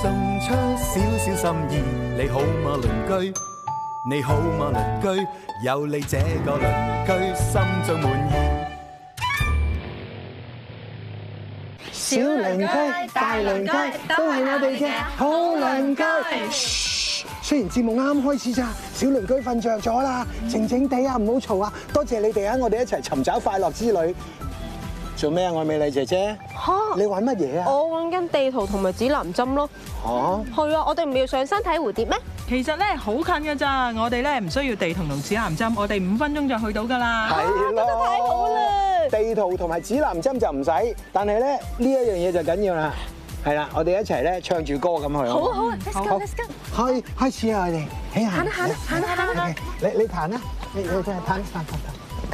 送出少少心意，你好嗎鄰居？你好嗎鄰居？有你這個鄰居，心中滿意。小鄰居、大鄰居，大鄰居都係我哋嘅好鄰居、好鄰居。噓，雖然節目啱啱開始咋，小鄰居瞓着咗啦，靜靜地啊，唔好嘈啊！多謝你哋啊，我哋一齊尋找快樂之旅。做咩啊，愛美麗姐姐？嚇！你揾乜嘢啊？我揾緊地圖同埋指南針咯。嚇！係啊，我哋唔係要上山睇蝴蝶咩？其實咧好近㗎咋，我哋咧唔需要地圖同指南針，我哋五分鐘就去到噶啦。係咯，太好啦！地圖同埋指南針就唔使，但係咧呢一樣嘢就緊要啦。係啦，我哋一齊咧唱住歌咁去。好好，let's go，let's go。開開始啊，我哋行啦，行啦，行啦，行啦。你你彈啊，你你彈彈彈彈。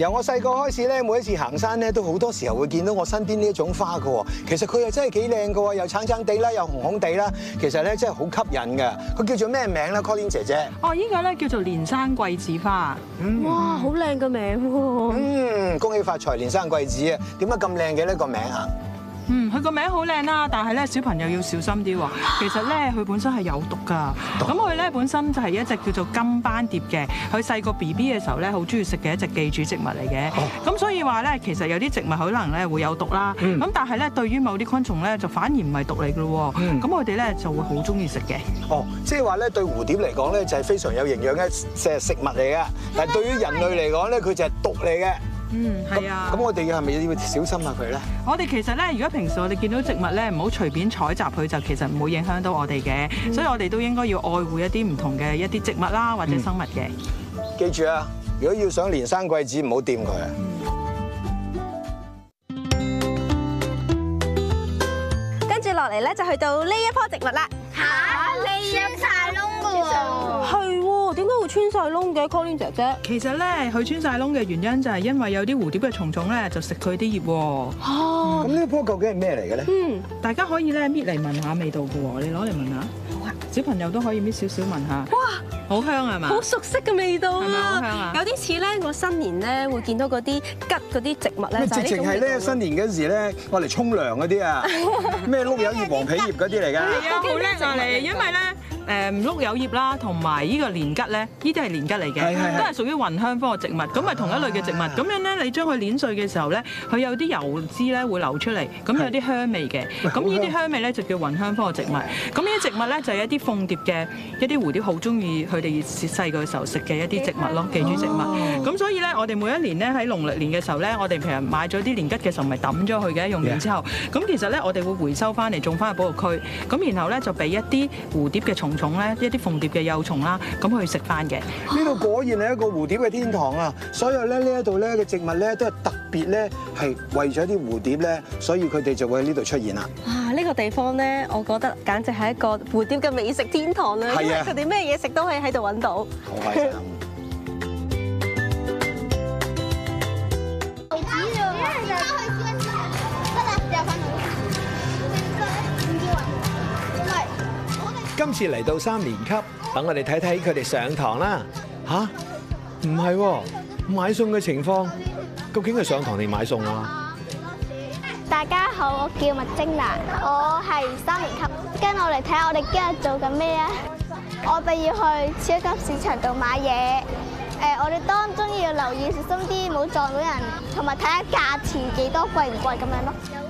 由我細個開始咧，每一次行山咧，都好多時候會見到我身邊呢一種花嘅。其實佢又真係幾靚嘅，又橙橙地啦，又紅紅地啦。其實咧，真係好吸引嘅。佢叫做咩名咧，Colin 姐姐？哦，依、這個咧叫做連生貴子花。嗯，哇，好靚嘅名喎。嗯，恭喜發財，連生貴子啊！點解咁靚嘅呢個名啊？嗯，佢個名好靚啦，但係咧小朋友要小心啲喎。其實咧，佢本身係有毒噶，咁佢咧本身就係一隻叫做金斑蝶嘅。佢細個 B B 嘅時候咧，好中意食嘅一隻寄主植物嚟嘅。咁、哦、所以話咧，其實有啲植物可能咧會有毒啦。咁、嗯、但係咧，對於某啲昆蟲咧，就反而唔係毒嚟嘅喎。咁佢哋咧就會好中意食嘅。哦，即係話咧對蝴蝶嚟講咧就係非常有營養嘅食物嚟嘅，但係對於人類嚟講咧佢就係毒嚟嘅。嗯，係是啊。咁我哋係咪要小心下佢咧？我哋其實咧，如果平時我哋見到植物咧，唔好隨便採集佢，就其實唔會影響到我哋嘅。嗯、所以我哋都應該要愛護一啲唔同嘅一啲植物啦，或者生物嘅。嗯、記住啊，如果要想連生貴子，唔好掂佢啊。跟住落嚟咧，就去到呢一棵植物啦哈。下呢一。哈哈穿晒窿嘅 Colin 姐姐，其實咧佢穿晒窿嘅原因就係因為有啲蝴蝶嘅蟲蟲咧就食佢啲葉。嚇！咁呢棵究竟係咩嚟嘅咧？嗯，大家可以咧搣嚟聞下味道嘅喎，你攞嚟聞下。好啊，小朋友都可以搣少少聞下。哇，好香係嘛？好熟悉嘅味道啦，有啲似咧我新年咧會見到嗰啲桔嗰啲植物咧。直情係咧新年嗰陣時咧，我嚟沖涼嗰啲啊，咩碌柚葉黃皮葉嗰啲嚟㗎。係啊，好叻就嚟！因為咧。碌柚、嗯、葉啦，同埋呢個年桔咧，呢啲係年桔嚟嘅，是是是都係屬於雲香科嘅植物，咁係是同一類嘅植物。咁樣咧，你將佢碾碎嘅時候咧，佢有啲油脂咧會流出嚟，咁是是 有啲香味嘅。咁呢啲香味咧就叫雲香科嘅植物。咁呢啲植物咧就係一啲鳳蝶嘅一啲蝴蝶好中意佢哋細個嘅時候食嘅一啲植物咯，寄主植物。咁是是 所以咧，我哋每一年咧喺農曆年嘅時候咧，我哋其實買咗啲年桔嘅時候，咪抌咗佢嘅，用完之後，咁其實咧我哋會回收翻嚟種翻去保育區。咁然後咧就俾一啲蝴蝶嘅蟲。蟲咧，一啲鳳蝶嘅幼蟲啦，咁去食翻嘅。呢度果然係一個蝴蝶嘅天堂啊！所有咧，呢一度咧嘅植物咧都係特別咧，係為咗啲蝴蝶咧，所以佢哋就會喺呢度出現啦。哇！呢、呢個地方咧，我覺得簡直係一個蝴蝶嘅美食天堂啦。係啊，佢哋咩嘢食都可以喺度揾到。好 今次嚟到三年級，等我哋睇睇佢哋上堂啦。吓、啊？唔係、啊、買餸嘅情況，究竟係上堂定買餸啊？大家好，我叫麥貞娜，我係三年級。跟我嚟睇下我哋今日做緊咩啊？我哋要去超級市場度買嘢。誒，我哋當中要留意小心啲，唔好撞到人，同埋睇下價錢幾多，貴唔貴咁樣咯。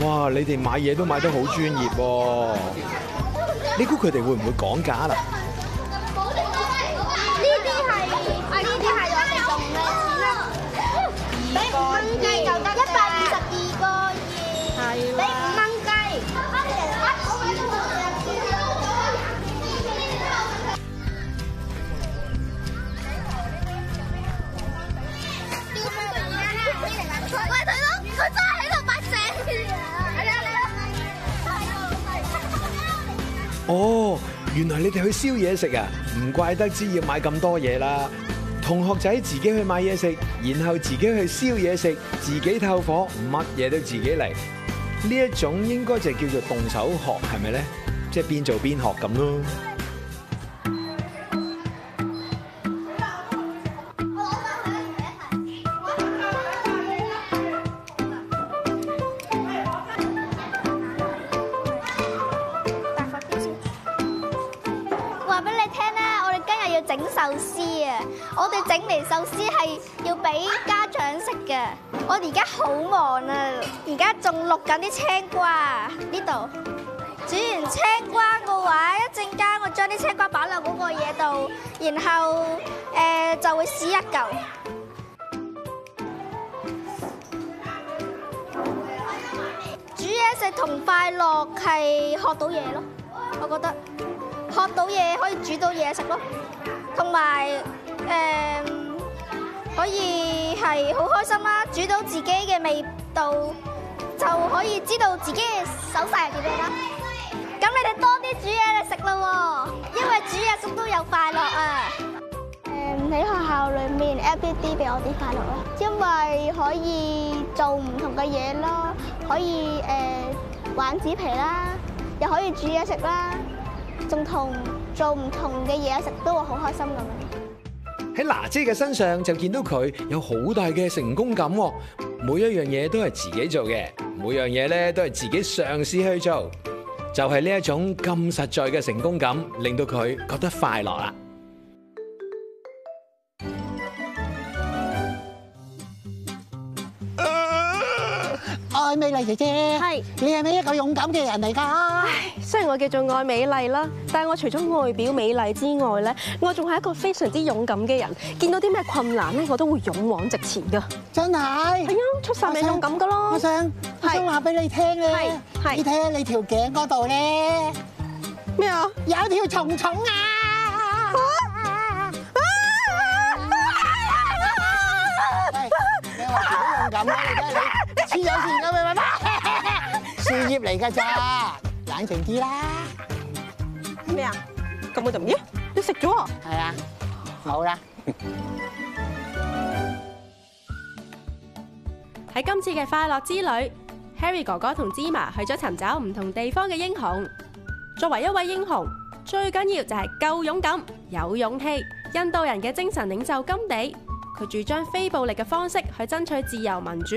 哇！你哋買嘢都買得好專業喎，你估佢哋會唔會講價啦？去燒嘢食啊，唔怪得知要買咁多嘢啦。同學仔自己去買嘢食，然後自己去燒嘢食，自己透火，乜嘢都自己嚟。呢一種應該就叫做動手學，係咪咧？即係邊做邊學咁咯。師係要俾家長食嘅。我而家好忙啊！而家仲錄緊啲青瓜呀呢度。煮完青瓜嘅話，一陣間我將啲青瓜擺落嗰個嘢度，然後誒就會試一嚿。煮嘢食同快樂係學到嘢咯，我覺得學到嘢可以煮到嘢食咯，同埋誒。可以係好開心啦，煮到自己嘅味道就可以知道自己嘅手勢係點樣啦。咁你哋多啲煮嘢嚟食啦喎，因為煮嘢食都有快樂啊。誒、嗯，喺學校裏面 app 啲俾我啲快樂咯，因為可以做唔同嘅嘢咯，可以誒、呃、玩紙皮啦，又可以煮嘢食啦，仲同做唔同嘅嘢食都會好開心咁。喺哪姐嘅身上就見到佢有好大嘅成功感，每一樣嘢都係自己做嘅，每樣嘢咧都係自己嘗試去做，就係、是、呢一種咁實在嘅成功感，令到佢覺得快樂啦。美麗姐姐，係，你係咪一個勇敢嘅人嚟噶？雖然我叫做愛美麗啦，但係我除咗外表美麗之外咧，我仲係一個非常之勇敢嘅人。見到啲咩困難咧，我都會勇往直前噶。真係係啊，出晒命勇敢噶咯。我想，我想話俾你聽咧，你睇下你條頸嗰度咧。咩啊？有一條蟲蟲啊！你話幾勇敢啊？你睇下你。先接嚟家姐，冷靜啲啦。咩啊？咁我點接？你食咗？係啊，冇啦。喺今次嘅快樂之旅，Harry 哥哥同芝麻去咗尋找唔同地方嘅英雄。作為一位英雄，最緊要就係夠勇敢、有勇氣。印度人嘅精神領袖甘地，佢主張非暴力嘅方式去爭取自由民主。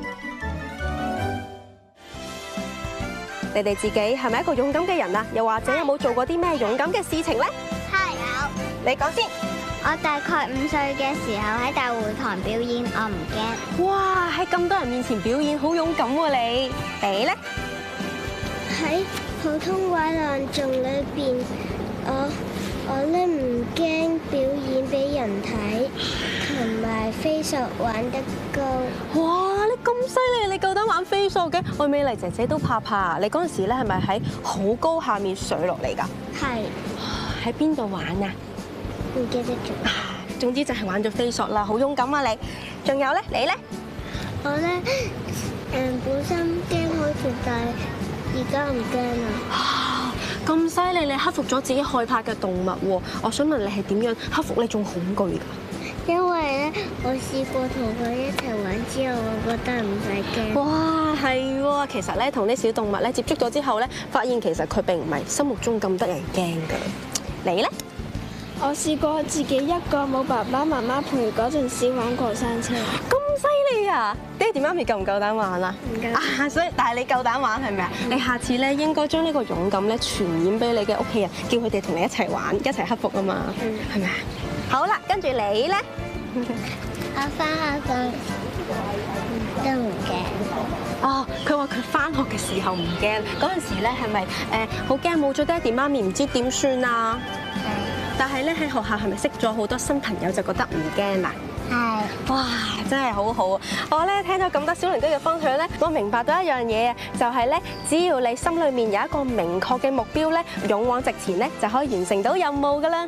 你哋自己係咪一個勇敢嘅人啊？又或者有冇做過啲咩勇敢嘅事情咧？係有。你講先。我大概五歲嘅時候喺大會堂表演，我唔驚。哇！喺咁多人面前表演，好勇敢喎你。你咧？喺普通朗誦裏邊，我我咧唔驚表演俾人睇，同埋飛索玩得高。哇！你咁犀利。飛索嘅，愛美麗姐姐都怕怕，你嗰陣時咧係咪喺好高下面水落嚟噶？係是。喺邊度玩啊？唔記得咗。總之就係玩咗飛索啦，好勇敢啊你！仲有咧，你咧？我咧，誒，本身驚開住，但而家唔驚啦。咁犀利，你克服咗自己害怕嘅動物。我想問你係點樣克服你？你仲恐懼噶？因為咧，我試過同佢一齊玩。之後我覺得唔使驚。哇，係喎，其實咧同啲小動物咧接觸咗之後咧，發現其實佢並唔係心目中咁得人驚嘅。你咧？我試過自己一個冇爸爸媽媽陪嗰陣時玩過山車。咁犀利啊！爹哋媽咪夠唔夠膽玩啊？唔緊。啊，所以但係你夠膽玩係咪啊？的你下次咧應該將呢個勇敢咧傳染俾你嘅屋企人，叫佢哋同你一齊玩，一齊克服啊嘛，係咪啊？好啦，跟住你咧。我翻學嘅時都唔驚。哦，佢話佢翻學嘅時候唔驚，嗰陣時咧係咪誒好驚冇咗爹哋媽咪唔知點算啊？係。但係咧喺學校係咪識咗好多新朋友就覺得唔驚啦？係。是的 哇，真係好好啊！我咧聽到咁多小鄰居嘅分享咧，我明白到一樣嘢啊，就係咧只要你心裏面有一個明確嘅目標咧，勇往直前咧，就可以完成到任務噶啦。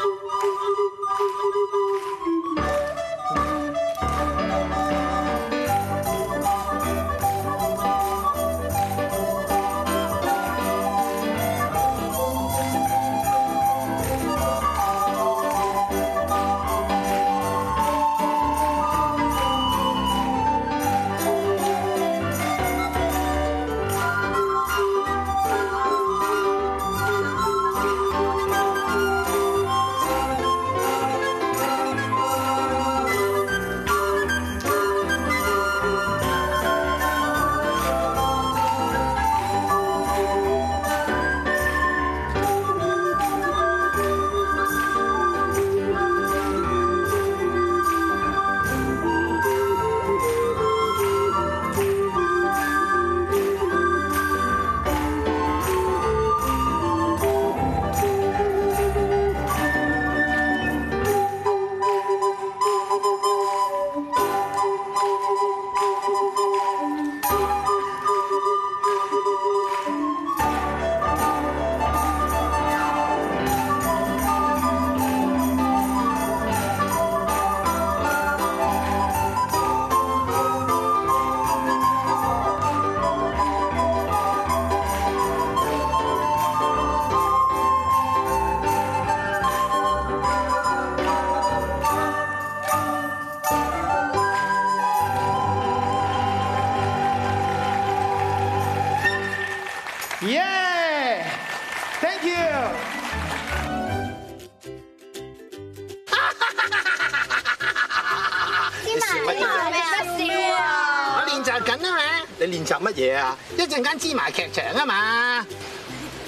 你練習乜嘢啊？一陣間黐埋劇場啊嘛！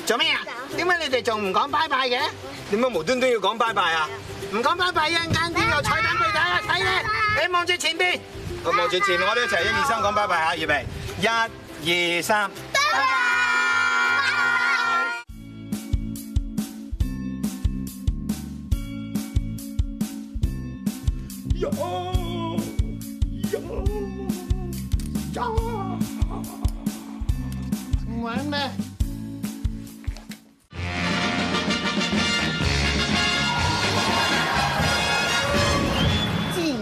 做咩啊？點解你哋仲唔講拜拜嘅？點解無端端要講拜拜啊？唔講拜拜一陣間啊！等呢個彩蛋俾大家睇啊！睇你！你望住前邊，我望住前面，我哋一齊一二三講拜拜嚇，預備一二三。1, 2,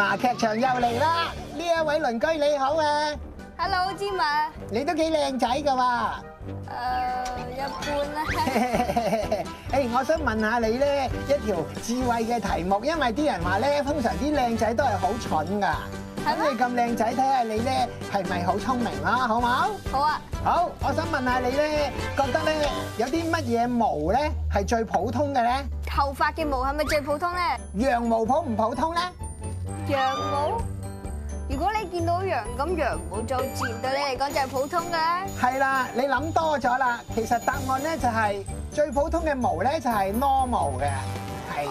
話劇場又嚟啦！呢一位鄰居你好啊，Hello，芝蔴，你都幾靚仔噶喎？誒，一般啦。誒，我想問下你咧，一條智慧嘅題目，因為啲人話咧，通常啲靚仔都係好蠢噶。咁你咁靚仔，睇下你咧係咪好聰明啦？好唔好？好啊。好，我想問下你咧，覺得咧有啲乜嘢毛咧係最普通嘅咧？頭髮嘅毛係咪最普通咧？羊毛普唔普通咧？羊毛？如果你見到羊咁，羊毛做字，對你嚟講就係普通嘅。係啦，你諗多咗啦。其實答案咧就係最普通嘅毛咧就係 normal 嘅。係，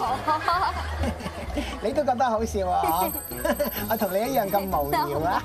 你都覺得好笑啊？我同你一樣咁無聊啊？